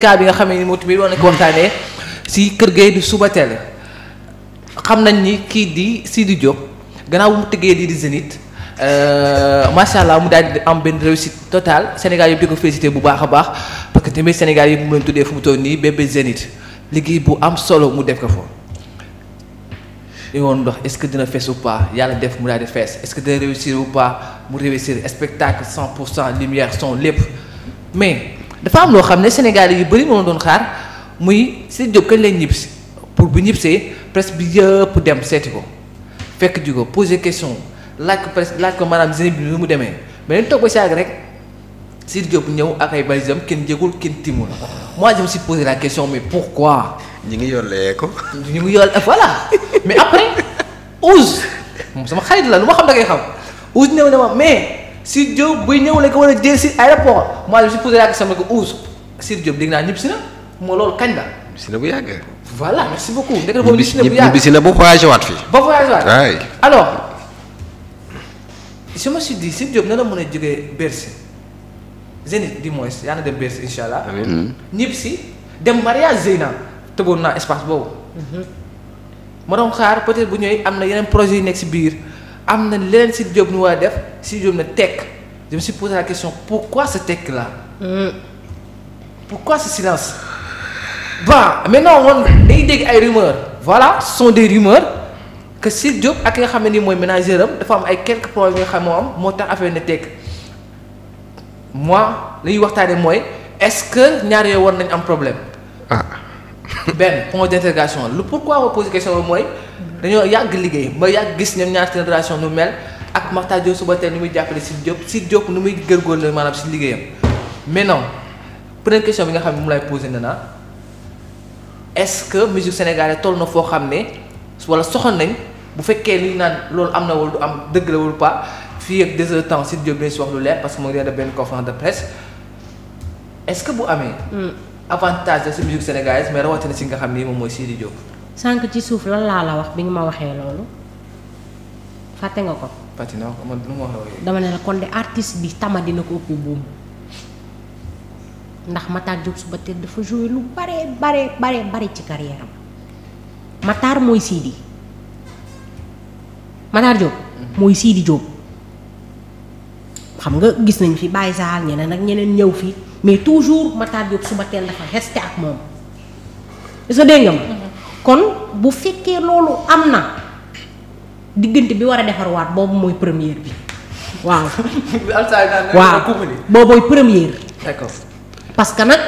cas bi nga xamee ni motu bi doon na ko waxtaanee si kër gay di suba teel xam nañ ni kii di Sidi Diop gannaaw bu mu tëggee di di Zénith euh, macha allah mu daal di am benn réussite totale Sénégal yëpp di ko félicité bu baax a baax parce que tamit Sénégal yëpp mu leen tuddee fu mu toll nii bébé Zénith liggéey bu am solo mu def ko fa. li woon ndox est-ce que dina fees ou yàlla def mu daal fees est-ce que dina réussir ou pas mu réussir spectacle 100 pour cent lumière son lépp mais. dafa am loo xam ne Sénégal yu bëri moo doon xaar muy Sidy Diop kañ lañ ñibbisi pour bu ñibbisee presse bi yëpp dem seeti ko fekk ji ko posé question laaj ko presse laaj ko maanaam Zénith bi mu demee mais dañ toog ba saag rek Sidy Diop ñëw ak ay balisam kenn jégul kenn timul moi je si suis posé la question mais pourquoi. ñu ngi yollee ko. ñu ngi yolle voilà mais après Ousse moom sama xarit la lu ma xam da ngay xam Ousse ñëw ne ma mais. Sidy Diop buy ñëw la ko war a jël si aéroport moi je me suis posé la question ne ko oust Sidy Diop dégg naa ñëpp si na moo loolu kañ la. si na bu yàgg. voilà merci beaucoup. dëgg boobu si bu yàgg na ba voyagé waat fii. mën a jógee Bercy Zénith du moins yaa na dem Bercy allah. amiin hmm. si dem mariage Zeyna tëboon naa espace boobu. Hmm. ma xaar peut bu ñëwee am na yeneen projet yu nekk si biir. am na leneen si Diop ñu war def Sidy Diop na tekk je me suis posé la question pourquoi ce tekk là. Hmm. pourquoi ce silence. bon maintenant woon dañuy dégg ay rumeurs voilà son des rumeurs que si Diop ak nga xam ne nii mooy ménagère am dafa am ay quelques problèmes yu nga xam moo am moo tax affaire na tekk moi li ñuy waxtaane mooy est-ce que ñaar yooyu war nañ am problème. Ah. benn point d'interrogation lu pourquoi ma posé question mooy. dañoo yàgg liggéey ba yàgg gis ñoom ñaar seen relation nu mel ak Makhtar Diop Soubatel nu muy jàppale Sidy Diop Sidy Diop nu muy gërgóorlu maanaam si liggéeyam mais non première question bi nga xam ne mu lay posé na naa est-ce que musique sénégalaise toll na foo xam ne wala soxal nañ bu fekkee li ñu naan loolu am na wala du am dëgg la wala pas fii ak deux heures temps Sidy Diop dina si wax lu leer parce que mu ngi benn conférence de presse est-ce que bu amee. Hmm. avantage la si musique sénégalaise mais rawatina si nga xam ni moom mooy Sidy Diop. sànq ci suuf lan laa la wax bi nga ma waxee loolu fàtte nga ko. fàtte naa dama ne la kon de bi tama dina ko ëpp buum ndax Matar Diop suba teel dafa joué lu bare bare bare ci carrière am Matar mooy Sidi Matar Diop. Mm-hmm. mooy Sidi Diop. xam nga gis nañ fi Baye Sall ñeneen ak ñeneen ñëw fii mais toujours Matar Diop suba teel dafa resté ak moom est-ce que kon bu fekkee loolu am na diggante bi war a defarwaat boobu mooy première bi waaw. waaw boobu première. d'accord que nag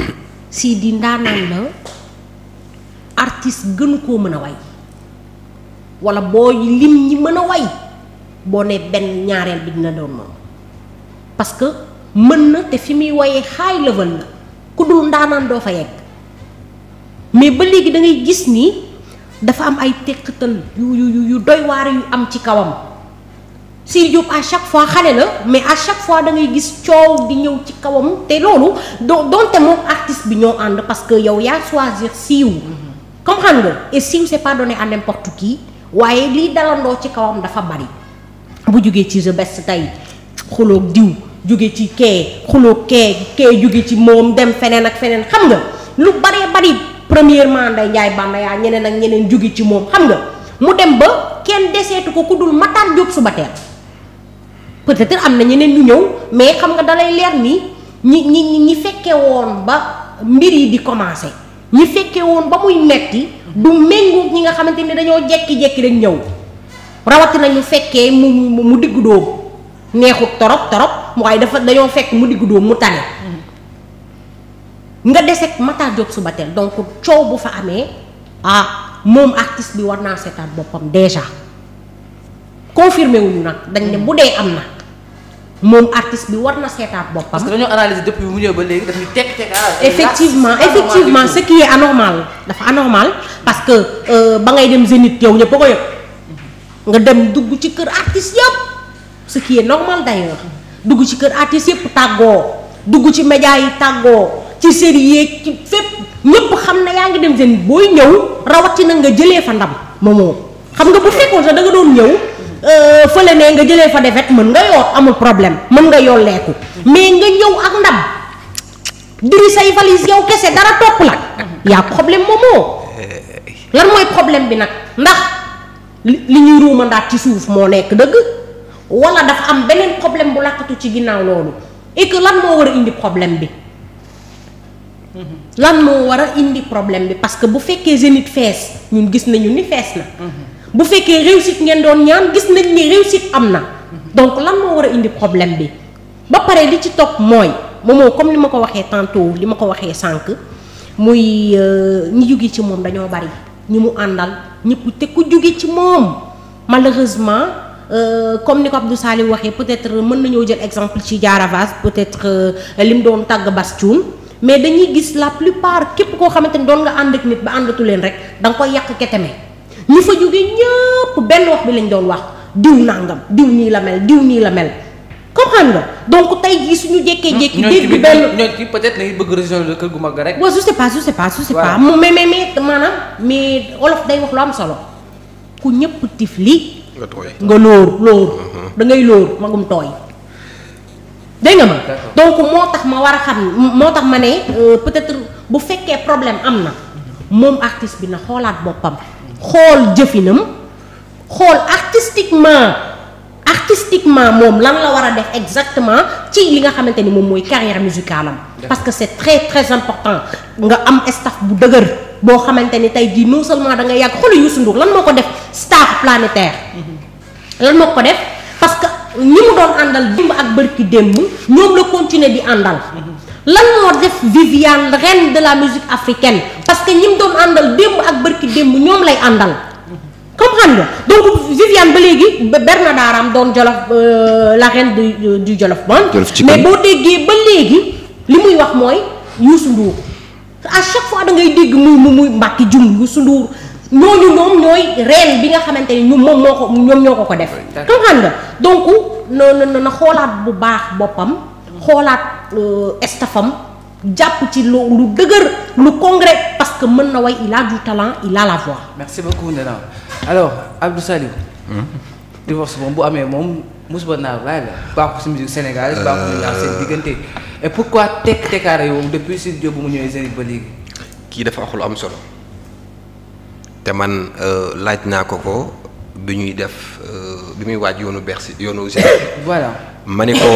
si di ndaanaan la artiste gënu koo mën a way wala boo lim ñi mën a way boo ne benn ñaareel bi dina doon moom parce que mën na te fi muy wayee high level la ku dul ndaanaan doo fa yegg. mais ba léegi da gis ni dafa am ay tekkatal yu yu yu doy waar yu am ci kawam Sidy Diop à chaque fois xale la mais à chaque fois da gis coow di ñëw ci kawam te loolu do donte moom artiste bi ñoo ànd parce que yow yaa choisir siiw comme xam nga et siiw c'est pas donné waaye lii dalandoo ci kawam dafa bari bu jógee ci The Best tey xuloog diw jóge ci kee xuloog kee kee jóge ci moom dem feneen ak feneen xam nga lu baree bari premièrement Ndeye Ndiaye Banda yaa ñeneen ak ñeneen jóge ci moom xam nga mu dem ba kenn deseetu ko ku dul Matar Diop suba teel peut-être am na ñeneen ñu ñëw mais xam nga dalay leer ni ñi ñi ñi fekkee woon ba mbir yi di commencer ñi fekkee woon ba muy metti du méngoog ñi nga xamante ni dañoo jekki-jekki rek ñëw rawatina ñu fekkee mu mu diggu dóom neexut torop torop waaye dafa dañoo fekk mu diggu dóom mu tane nga desek Matar Diop Soubatel donc coow bu fa amee ah moom artiste bi war naa seetaat boppam déjà confirmé wuñu nag dañ ne bu dee am na moom artiste bi war na seetaat boppam. parce que dañoo analysé depuis mu ñëw ba léegi dañuy teg teg ah, effectivement effectivement ce anormal dafa anormal parce que euh, ba ngay dem Zénith yow ñëpp a ko yëg nga dem dugg ci kër artiste yëpp ce qui normal d'ailleurs dugg ci kër artiste yëpp tàggoo dugg ci média yi tàggoo. ci série yeeg ci fépp ñëpp xam na yaa ngi dem seen booy ñëw rawatina nga jëlee fa ndam ma moomoo xam nga bu fekkoon sax da nga doon ñëw euh, fële ne nga jëlee fa defet mën nga yoot amul problème mën nga yoon yolleeku mais nga ñëw ak ndam diri say valise yow kese dara topp la yaa problème moomoo lan mooy problème bi nag ndax li ñuy ruuma ndaat ci suuf moo nekk dëgg wala dafa am beneen problème bu làkkatu ci ginnaaw loolu et lan moo war a indi problème bi lan moo war a indi problème bi parce que bu fekkee Zénith fees ñun gis nañu ni fees na. bu fekkee réussite ngeen doon ñaan gis nañ ni réussite am na. donc lan moo war a indi problème bi ba pare li ci topp mooy moomoo comme li ma ko waxee tantôt li ma ko waxee sànq muy euh, ñi jóge ci moom dañoo bari ñi mu àndal ñëpp te ku jóge ci moom malheureusement. Euh, comme ni ko Abdou Salim waxee peut-être mën nañoo jël exemple ci Diarra peut-être euh, li doon tàgg Bass Thioung mais dañuy gis la plupart képp koo xamante ni doon nga ànd ak nit ba àndatu leen rek danga nga koy yàq keteme ñi fa jóge ñëpp benn wax bi lañ doon wax diw nangam diw nii la mel diw nii la mel comprendre nga donc tey jii suñu jekkee jekki dégg benn bëgg région de kër gu mag rek. waaw je sais pas je sais pas je sais pas moom mais mais wax lu am solo ku ñëpp tif li nga tooy nga lóor lóor mm-hmm. da ngay lóor magum tooy dégg nga ma donc moo tax ma war a xam moo tax ma ne euh, peut-être bu fekkee problème am na moom artiste bi na xoolaat boppam xool jëfinam xool artistiquement artistiquement moom lan la war a def exactement ci li nga xamante ni moom mooy carrière musicale parce que c'est très très important nga am staff bu dëgër boo xamante ni tey jii non seulement da nga yàgg xoolu Youssou Ndour lan moo ko def star planétaire mm-hmm. lan moo ko def parce que ñi mu doon àndal démb ak bërki démb ñoom la continuer bi àndal lan moo def Viviane reine de la musique africaine parce que ñi mu doon àndal démb ak bërki démb ñoom lay àndal comprendre nga donc Viviane ba léegi Bernada Arame doon Jolof euh, la reine du euh, du Jolof Band mais boo déggee ba léegi li muy wax mooy Youssou Ndour à chaque fois da dégg muy mu muy Mbacke Dioum Youssou Ndour ñooñu ñoom ñooy reen bi nga xamante ni ñu moom moo ko ñoom ñoo ko ko def comprendre nga donc na na na xoolaat bu baax boppam xoolaat euh, estafam jàpp ci lu lu dëgër lu concret parce que mën na way il a du talent il a la voix merci beaucoup Ndena alors Abdou Saliou hmm? divorce moom bu amee moom musiba naa laay la baaxul si musique Sénégal baaxul naa seen euh. diggante et pourquoi tekk tekkaare yow depuis si Diop bu mu ñëwee Zénith ba kii dafa wax lu am solo te man euh, laaj naa ko ko bi ñuy def euh, bi muy waaj yoonu Bercy yoonu Zénith. voilà ma ne ko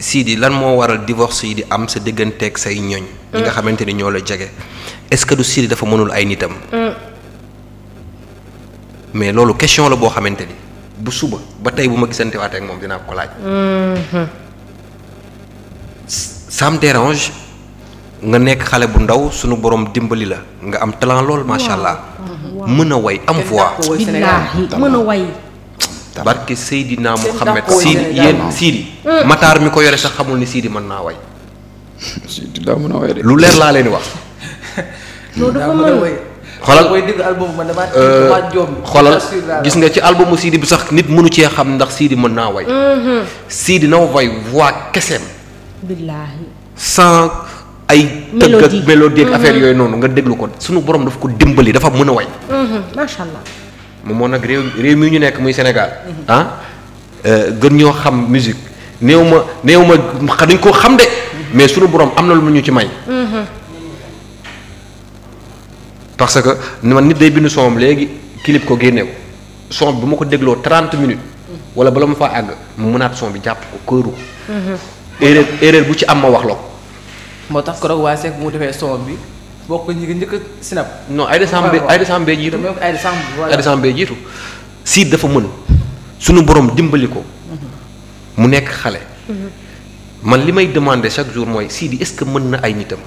Sidi lan moo waral divorce yi di am sa digganteeg say ñoñ. ñi nga mm. xamante ni ñoo la jege. est-ce que du Sidi dafa mënul ay nitam. Mm. mais loolu question la boo xamante ni bu suba ba tey bu ma gisante waatee moom dinaa ko laaj. Mm-hmm. ça me nga nekk xale bu ndaw sunu borom dimbali la nga am talent lool macha allah. mën a way am voix. billaahi mën a way. barke Seydina Mohamed Sidi yéen Sidi. Mm. Matar mi ko yore sax xamul ni Sidi mën naa way. Sidi lu leer laa leen wax. loolu dafa euh, gis nga ci albumu Sidi bi sax nit mënu cee xam ndax Sidi mën naa way. Mm-hmm. Sidi na way voix keseem. ay tëgg ak mélodie ak mhm. affaire yooyu noonu nga déglu ko suñu borom dafa ko dimbali dafa mën a way. Mhm, macha allah. moom moo nag réew réew mi ñu nekk muy Sénégal. Mhm. ah euh, gën ñoo xam musique néew ma néew ma xa dañ koo xam de mais sunu borom am na lu mu ñu ci may. parce que ma nit day bind son léegi clip ko génneew son bi ma ko dégloo trente minutes. wala bala ma faa àgg mu mënaat son bi jàpp ko këru. erreur erreur bu ci am ma wax la ko moo tax ko keroog waa Seck mu defee son bi bokk ñi nga njëkk a sinap. non Aïda Samb Aïda Samb bee jiitu siit dafa mën suñu boroom dimbali ko mu nekk xale. man li may demander chaque jour mooy Sidi est-ce que mën na ay nitam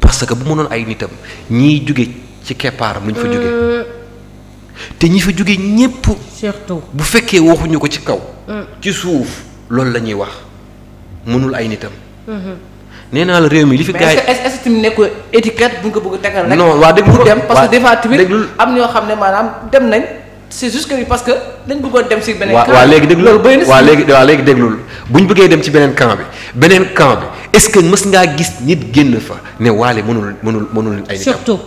parce que bu mënoon ay nitam ñiy jóge ci keppaaram lu ñu fa jóge te ñi fa jóge ñépp surtout bu fekkee waxuñu ko ci kaw mm. ci suuf loolu la ñuy wax mënul ay nitam mm-hmm. nee naa la réew mi li fi. gars yi mais est ce que nekkul étiquette bu ñu ko bëgg a tegal non waa déglu dem parce que des fois tamit am ñoo xam ne maanaam dem nañ. c'est juste que parce que dañ bëggoon dem si beneen camp waa léegi déglu waaw léegi waaw léegi déglul bu ñu bëggee dem ci beneen camp bi beneen camp bi est-ce que mës ngaa gis nit génn fa ne waale mënul mënul mënul leen ay. surtout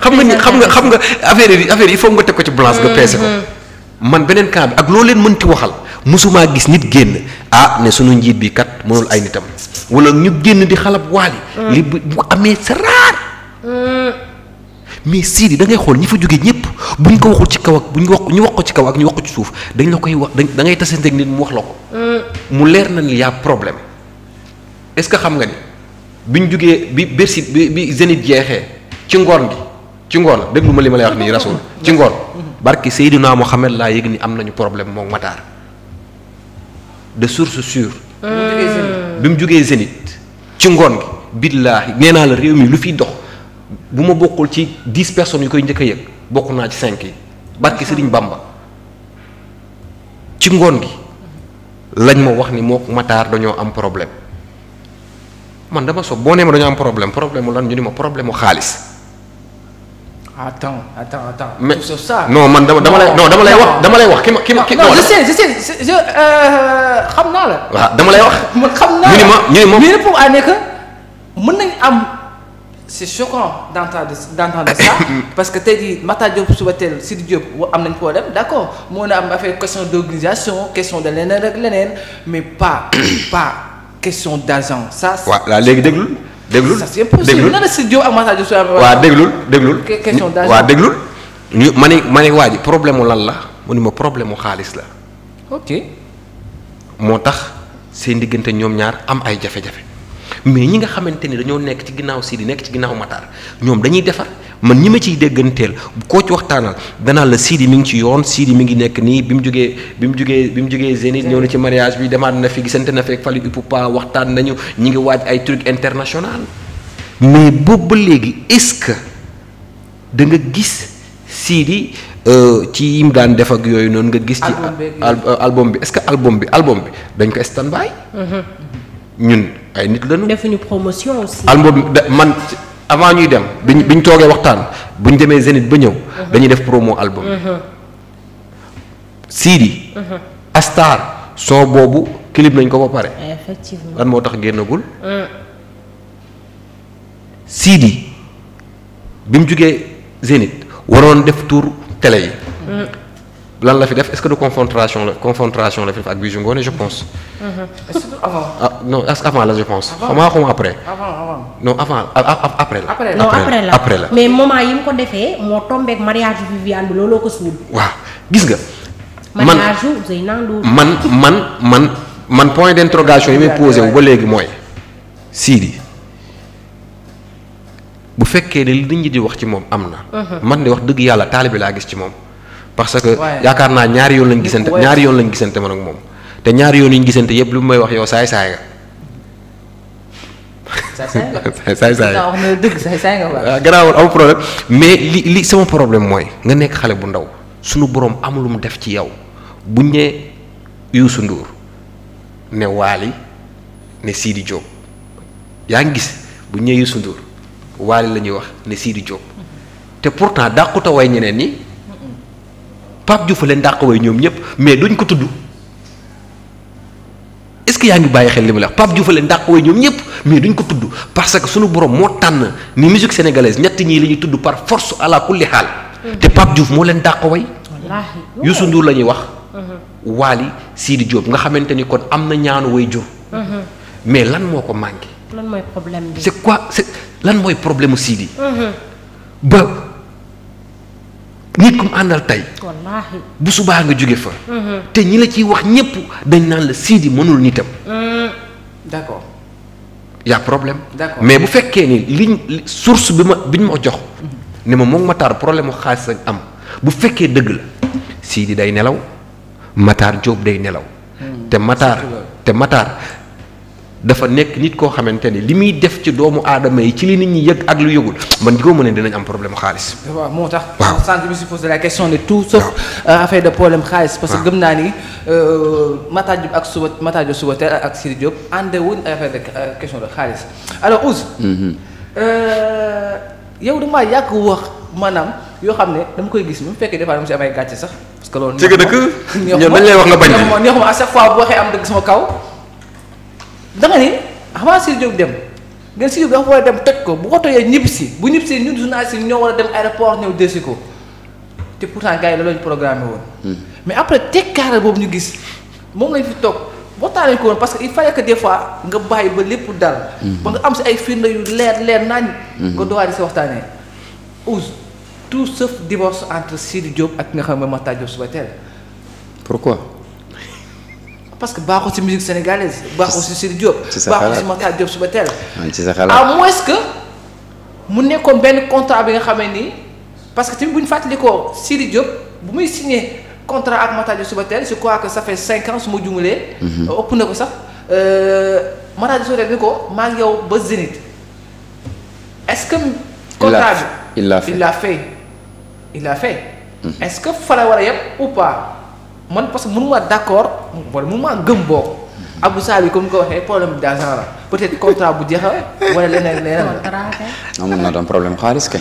xam nga ni xam nga xam nga affaire yi affaire yi il faut nga teg ko ci balance nga mm-hmm. peese ko. man beneen camp ak loo leen mënti waxal. mësumaa gis nit génn ah ne sunu njiit bi kat mënul ay nitam wala ñu génn di xalab waali mm. li bu amee sa raar mm. mais Sidi da ngay xool ñi fa jógee ñëpp bu ñu ko waxul ci kaw ak bu ñu wax ñu wax ko ci kaw ak ñu wax ci suuf dañ la koy wax da ngay tasanteeg nit mu wax la ko. Mm. mu leer na ni y' a problème est-ce que xam nga ni bi ñu jógee bi Bercy bi bi Zénith jeexee ci ngoon gi ci ngoon déglu ma li ma lay wax nii rasul ci ngoon mm-hmm. barki Seydina Mohamed laa yëg ni am nañu problème moom Matar. de source sûre. bi mu jógee hmm. Zénith ci ngoon gi billaahi nee naa la réew mi lu fiy dox bu ma bokkul ci dix personnes yu koy njëkk a yëg bokk naa ci cinq yi barki Sëriñ Bamba ci ngoon gi lañ ma wax ni moo Matar dañoo am problème man dama soog boo nee ma dañoo am problème problème mu lan ñu ni ma problème mu xaalis attends attends attends. mais tout ça non man dama dama lay non dama lay wax dama lay wax ki ma ki ma. ki non je sais je sais je euh, xam naa la. waaw ah, dama lay wax. man xam naa la ñu ni ma ñu ni ma. à ne que mën nañ am c'est choquant d'entendre d'entendre ça parce que tey jii Matar Diop suba teel Sidi Diop am nañ koo dem d'accord moo na am affaire question d'organisation question de leneen rek leneen mais pas pas question d'argent ça. waaw léegi déglu. déglul déglul waaw déglul déglul waaw déglul ñu ma ne ma ne waa problème mu lan la mu ni ma problème mu xaalis la ok moo tax seen diggante ñoom ñaar am ay jafe-jafe mais ñi nga xamante ni dañoo nekk ci ginnaaw Sidi nekk ci ginnaaw Matar ñoom dañuy defar man ñi ma ciy dégganteel koo ci waxtaanal danaan la Sidi mi ngi ci yoon Sidi mi ngi nekk nii bi mu jógee bi mu jógee bi mu jógee Zénith ñëw na ci mariage bi demaat na fi gisante na fekk Fally Ipupa waxtaan nañu ñi ngi waaj ay truc international mais boobu ba léegi est-ce que da nga gis Sidi euh, ci yim daan def ak yooyu noonu nga gis. ci album bi est-ce que album bi album bi dañ koy stand by. Mhm. ñun ay nit lañu. defuñu promotion aussi. man. avant ñuy dem biñ ñu toogee waxtaan bu buñ demee Zénith ba ñëw. Uh-huh. dañuy def promo album bi. Uh-huh. Sidi. Uh-huh. Astar son boobu kilim nañ ko ba pare. effectivement moo tax génnagul. Uh. Sidi bi mu jugee Zénith waroon def tour télé yi. Uh. lan la fi def est-ce que du confrontation la confrontation la fi def ak Bijou Ngoné je pense. Mm-hmm. surtout avant. ah avant la je pense. avant xaw ma après. avant avant après la. après la non après la mais moment yi mu ko defee moo tombé ak mariage Viviane bi looloo ko suul. waaw gis nga. man man man man man point d'interrogation yi muy posé ba léegi mooy. Sidi bu fekkee ne li nit di wax ci moom am na. Mm-hmm. man de wax dëgg yàlla taalibe laa gis ci moom. parce que yaakaar naa ñaari yoon lañ gisante ñaari yoon lañ gisante man ak moom te ñaari yoon yi ñu gisante yëpp lu may wax yow saay saay nga. saay saay nga wax na dëgg saay ah, mais li sama problème mooy nga nekk xale bu ndaw suñu borom am lu mu def ci yow buñ ne Youssou Ndour ne Waly yaa ngi gis bu ne Youssou Ndour Waly la wax ne Sidi Diop mm-hmm. te pourtant dàqu ta way ñeneen ñi. Pape Diouf leen dàq way ñoom ñëpp mais duñ ko tudd est-ce que yaa ngi bàyyi xel li ma la wax Pape Diouf leen dàq way ñoom ñëpp mais duñ ko tudd parce que suñu borom moo tànn ni musique sénégalaise ñett ñi la ñuy tudd par force ala kulli xaal. Mm-hmm. te Pape Diouf moo leen dàq way. Youssou Ndour la ñuy wax. Mm-hmm. Waly Sidi Diop nga xamante ni kon am na ñaanu way jur. Mm-hmm. mais lan moo ko manqué. lan mooy problème c'est quoi c'est lan mooy problème mu Sidi. nit ku mu àndal tey. wallaahi bu subaa nga jóge fa. Mm-hmm. te ñi la ciy wax ñëpp dañ naan la Sidi mënul nitam. Mm. d'accord. y a problème. d'accord. mais bu fekkee ni liñ source bi ma bi ñu ma jox. Mm-hmm. ne ma moom Matar problème mu xaalis ak am bu fekkee dëgg la Sidi day nelaw Matar jóob day nelaw. Mm. te Matar te Matar dafa nekk nit koo xamante ni li muy def ci doomu aadama yi ci li nit ñi yëg ak lu yëgul man góob ma ne dinañ am problème xaalis. waaw moo tax. waaw sànq je me suis la question de tout sauf euh, affaire de problème xaalis. parce que gëm naa ni euh, Matar Diop ak suba Matar Diop suba teel ak si Sidi Diop àndewuñ affaire de euh, question de xaalis alors Ousse. Mhm. yow damaa yàgg wax maanaam yoo xam ne dama koy gis même fekkee des fois dama si am gàcce sax. parce que loolu. ci dëkk ñoom dañ lay wax nga bañ. ñoom ñoom am dëgg sama kaw. danga ni avant Sidy Diop dem nga Sidy Diop dafa war a dem toj ko bu ko tojee ñibbi si bu ñibbi si ñun journaliste yi ñoo war a dem aéroport ñëw desi ko te pourtant gars yi loolu lañu programmé woon. Hmm. mais après tekkaare boobu ñu gis moom lañ fi toog waxtaanee ko woon parce que il fallait que des fois nga bàyyi ba lépp dal. Hmm. ba nga am si ay firnde yu leer leer nañ. Hmm. nga dowaat di si waxtaanee. tout sauf divorce entre Sidy Diop ak ki nga xam ne Makhtar Diop Soubatel. pourquoi. parce que baaxul ci musique sénégalaise baaxul ci Sidy Diop. ci sa xalaat baaxul ci Makhtar Diop suba teel. ci sa que mu nekkoon benn contrat bi nga xamee ni parce que tamit bu ñu fàttalikoo Sidy Diop bu muy signé contrat ak Makhtar Diop suba teel je crois que ça fait cinq ans su ma jumulee. Mhm. Euh, ëpp na ko sax euh, Makhtar Diop suba ni ko maa yow ba Zénith est-ce que. contrat bi il l'a fait il l'a fait. il l'a fait. Mhm. est-ce que fa la war a man parce que mënuma d'accord wala mënuma gëm bokk. Abou Saly comme ko waxee problème bi dans genre peut-être contrat bu jeexa wala leneen leneen. amoon na doon problème xaalis kay.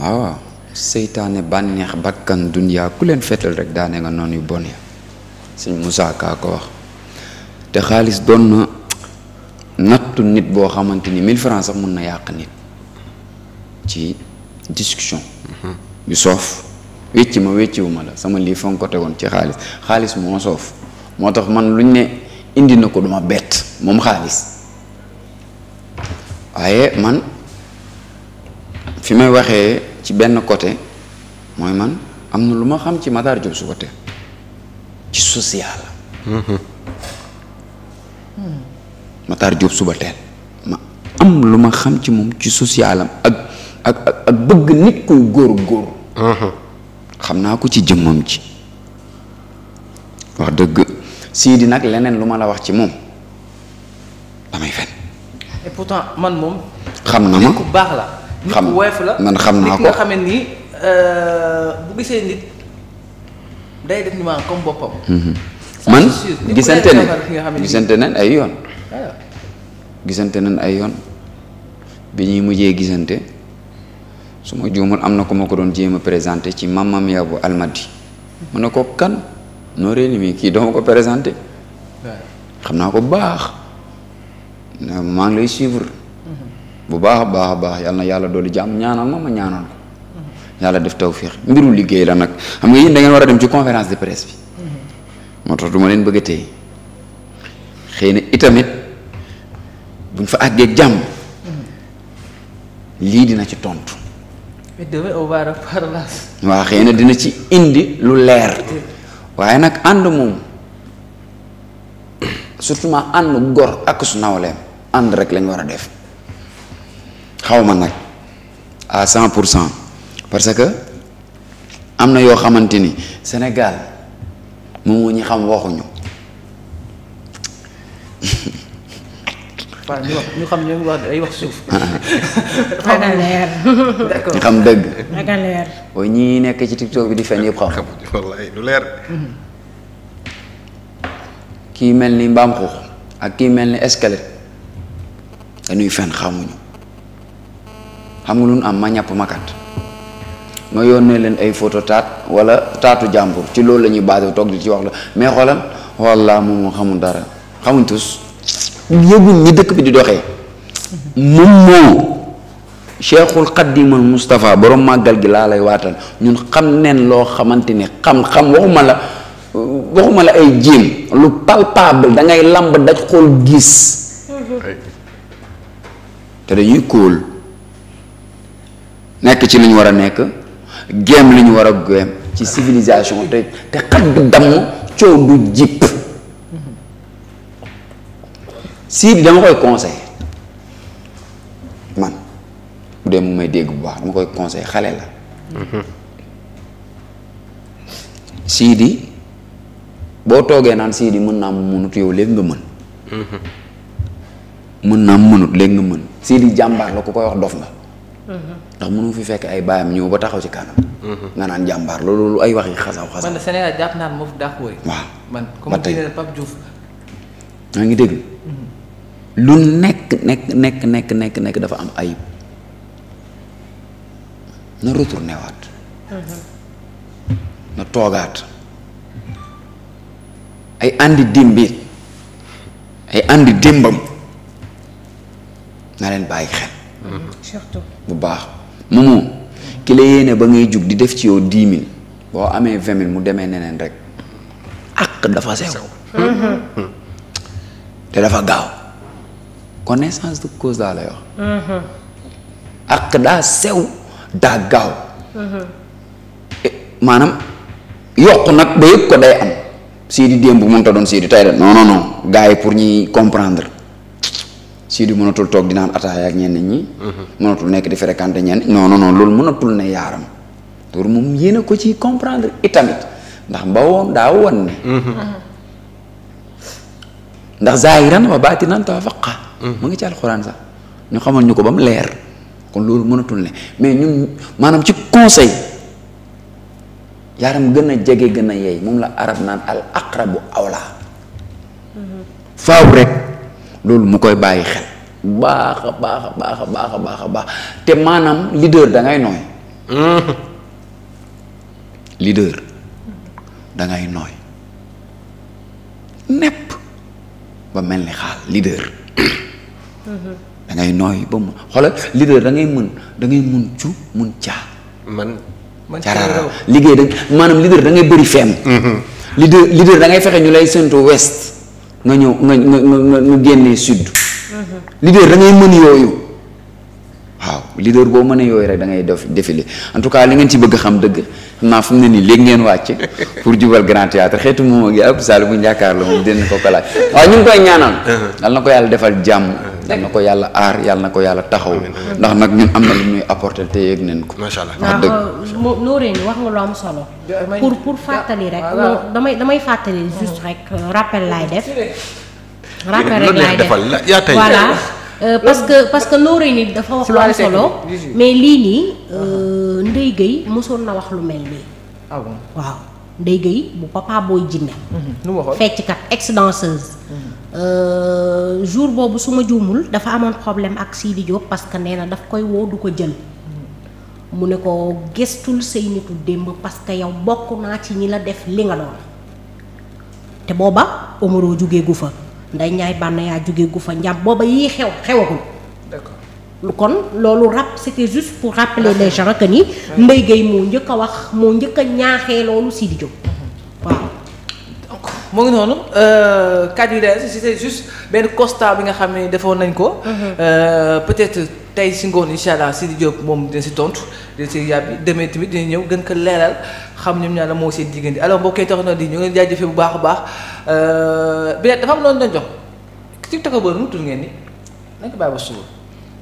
waaw. seytaane bànneex bakkan dunyaa ku leen fetal rek daane nga noonu yu bon ya sëñ Moussa Ka ko wax te xaalis doon na nattu nit boo xamante ni 1000 francs sax mun na yàq nit ci discussion. Mhm. yu soof. wécci ma wécciwu ma la sama lii fa nga ko tegoon ci xaalis xaalis moo soof moo tax man luñ ne indi na ko duma bett moom xaalis waaye man fi may waxee ci benn côté mooy man am na lu ma xam ci Matar Diop Soubaté ci social. Mm-hmm. Hmm. Matar Diop Soubaté ma am lu ma xam ci moom ci social ak ak ak bëgg nit kuy góor góor mm-hmm. xam naa ko ci jëmmam ci wax dëgg sii di nag leneen lu ma la wax ci moom damay fen man moom. xam na ma baax la. xam man xam naa ko nga xam ni euh, bu gisee nit day def ni ma comme boppam. Mhm. man gisante ne gisante nañ ay yoon. gisante nañ ay yoon bi ñuy mujjee gisante. su ma juumul am na ko ma ko doon jéem a présenté ci mamam ya bu almadi mu na ko kan noo Noreyni mi kii dama ko présenté xam naa ko baax maa ngi lay suivre mm-hmm. bu baax a baax a baax yàlla na yàlla doolu jàmm ñaanal ma ma ñaanal mm-hmm. yàlla def tawféex mbiru liggéey la nag xam nga yéen da war a dem ci conférence de presse bi mm-hmm. moo tax du leen bëgg a téye xëy na itamit buñ fa àggee jàmm lii dina ci tontu. waaw xëy na dina ci indi lu leer waaye nag ànd moom surtout ma ànd gor ak su nawleem ànd rek lañ war a def xaw ma nag à cent pour cent parce que am na yoo xamante ni Sénégal moom moo ñi xam waxuñu waaw ñu wax ñu xam ñoom wax xam ñu xam dëgg. nekk ci tiktok bi di fen yëpp xam. Mhm. kii mel ni mbaam xuux ak kii mel ni escalette dañuy fen xamuñu xam nga lu am ma ñàpp makat yoon yónnee leen ay photo taat wala taatu jàmbur ci loolu lañuy ñuy basé toog di ci wax la mais xoolal walla moom xamul dara xamuñ tus yëgul ñi dëkk bi di doxee moom moo cheikhul xaddimal Moustapha borom màggal gi laa lay waatal ñun xam neen loo xamante ni xam-xam waxuma la waxuma la ay jéem lu palpable da ngay lamb daj xool gis te dañuy kóol nekk ci li ñu war a nekk géem li war a géem ci civilisation te te damm coow du jipp Sidi dama koy conseil man bu dee mu may dégg bu baax dama koy conseil xale la. Mhm. Sidi boo toogee naan Sidi mën naa mu mënut yow léegi nga mën. Mhm. mën naa mu mënut léegi nga mën Sidi jàmbaar la ku koy wax dof nga. Mhm. ndax mënu fi fekk ay baayam ñëw ba taxaw ci kanam. nga naan jàmbaar loolu ay wax yi xasaw xasaw. man Sénégal jàpp naa ne moo fi dàq woy. waaw ngi dégg. lu nekk nekk nekk nekk nekk dafa am ayib na retourné waat mm-hmm. na toogaat ay àndi dimbi ay àndi dimbam na leen bàyyi xel mm-hmm. bu baax moomu ki la yéene ba ngay jug di def ci yow dix mille boo amee vingt mu demee neneen rek ak dafa sew mm-hmm. te dafa gaaw connaissance de cause daa lay wax mm-hmm. ak daa sew daa gaaw mm-hmm. eh, maanaam yokk nag ba yëg ko day am Sidi démb bu mënta doon Sidi tey de non non non yi pour ñuy comprendre Sidi mënatul toog di naan ataaya ak ñenn ñi. Mm-hmm. mënatul nekk di fréquenter ñenn non loolu mënatul na yaaram loolu moom yéen a ko ci comprendre itamit ndax mba woon daa woon ne. ndax zaahiran wa baatinan tawafaqa mu ngi ci alxuraan sax ñu xamal ñu ko ba mu leer kon loolu mënatul ne mais ñu maanaam ci conseil yaaram gën a jege gën a yeey moom la arab naan al aqrabu awla faaw rek loolu mu koy bàyyi xel baax a baax a baax a baax a te maanaam leader da ngay nooy leader da ngay nooy nepp ba mel ni xaal leader da ngay nooy ba mu xoolal leader da ngay mën da ngay mën cu mën caa. man man liggéey da maanaam leader da ngay bëri feem. Mhm. leader leader da ngay fexe ñu lay séntu west nga ñëw nga nga nga nga génnee sud. Mhm. leader da ngay mën yooyu. waaw leader boo mënee yooyu rek da ngay def défilé en tout cas li ngeen ci bëgg xam dëgg xam naa fu mu ne nii léegi ngeen wàcc pour jubal grand théâtre xeetu moom ak yàlla ab saal bu ñu jàkkaarloo moom dinañ ko ko waaw ñu ngi koy ñaanal. Mhm. yàlla na yal na ko yàlla aar yal na ko yàlla taxaw ndax nag ñun am na lu ñuy apporter te yëg neen ko macha allah wax dëgg euh, nooree wax nga lu am solo pour pour fàttali rek ah, damay damay fàttali juste rek euh, rappel laay def rappel rek laay def voilà euh, parce que parce que nooree ni dafa wax lu am solo mais lii nii Ndeye Gueye mosoon na wax lu mel nii ah waaw Ndeye Gueye bu papa booy jinne mhm. fecckat ex danseuse mhm. Euh, jour boobu su ma juumul dafa amoon problème ak Sidi Diop parce que nee na daf koy woo du ko jël mu ne ko gestul say nitu démb parce que yow bokk naa ci ñi la def li nga doon te booba Omaro jugee gu fa nday ñaay bànn yaa jugee gu fa njàm booba yii xew xew xewagul. kon loolu rap c'était juste pour rappeler les gens que ni Mbaye Gueye moo njëkk a wax moo njëkk a ñaaxee loolu Sidi Diop. moo ngi noonu cadre yi daal c'est juste benn constat bi nga xam ne defoon nañ ko. Mhm. Euh, peut-être tey si ngoon incha allah Sidi Diop moom dina si tontu dina si yàbbi demee tamit dina ñëw gën ko leeral xam ñoom ñaar la moo seen diggante alors mbokk yi tax na di ñu ngi jaajëfee bu baax a baax euh, bi dafa am loolu jox ci takk boobu nu tudd ngeen ni nañ ko bàyyi ba suba.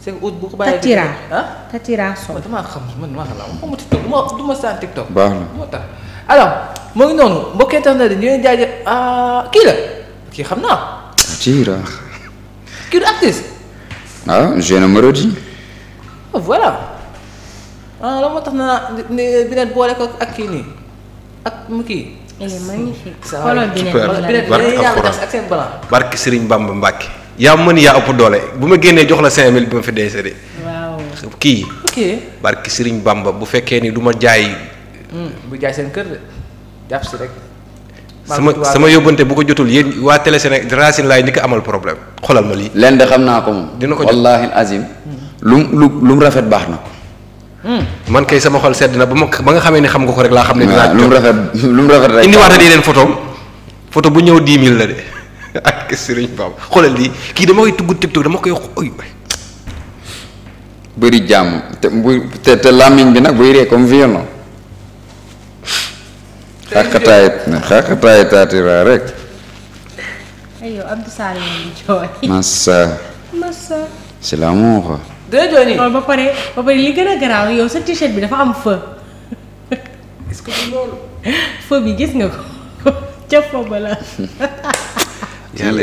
c' est bu ko bàyyee Tatira ah? Tatira Sow. man damaa xam man damaa xam du ma du ma TikTok. baax na alors moo ngi noonu mbokk internet yi ñu leen jaajëf ah, kii la kii xam naa. kii la. kii du actrice. ah jeune oh, voilà ah la tax na bi leen boole ko ak kii nii ak mu kii. il est magnifique. xoolal bi ak seen balaa. barke yaa ëpp doole bu ma génnee jox la 5000 bi ma fi dee séddee. waaw kii. ok barke Serigne Bamba bu fekkee nii du ma jaay. Mm. bu seen kër de jàpp si rek. sama sama yóbbante bu ko jotul yéen waa Télé Sénégal Racine laay ni ko amal problème xolal ma lii. lenn de xam naa ko moom. dina ko jot wallaahi azim. lu lu lu mu rafet baax na. Mm. man kay sama xol sedd na ba ma ba nga xamee ni xam nga ko rek laa xam ne. dinaa lu mu rafet lu mu rafet rek. indiwaata di leen photo photo bu ñëw 10 000 la sëriñ Bab xoolal lii kii dama koy tugg TikTok dama koy xoy. bëri jàmm te bu te làmmiñ bi nag buy ree comme violon. xaqataay xaqataay taatiraa rek. aywa Abdou Sall ñu jooy. Massa. Massa. c'est l'amour. dina jooy nii ba pare ba pare li gën a garaaw yow sa t-shirt bi dafa am feu. est-ce que loolu. feu bi gis nga ko ca fo la.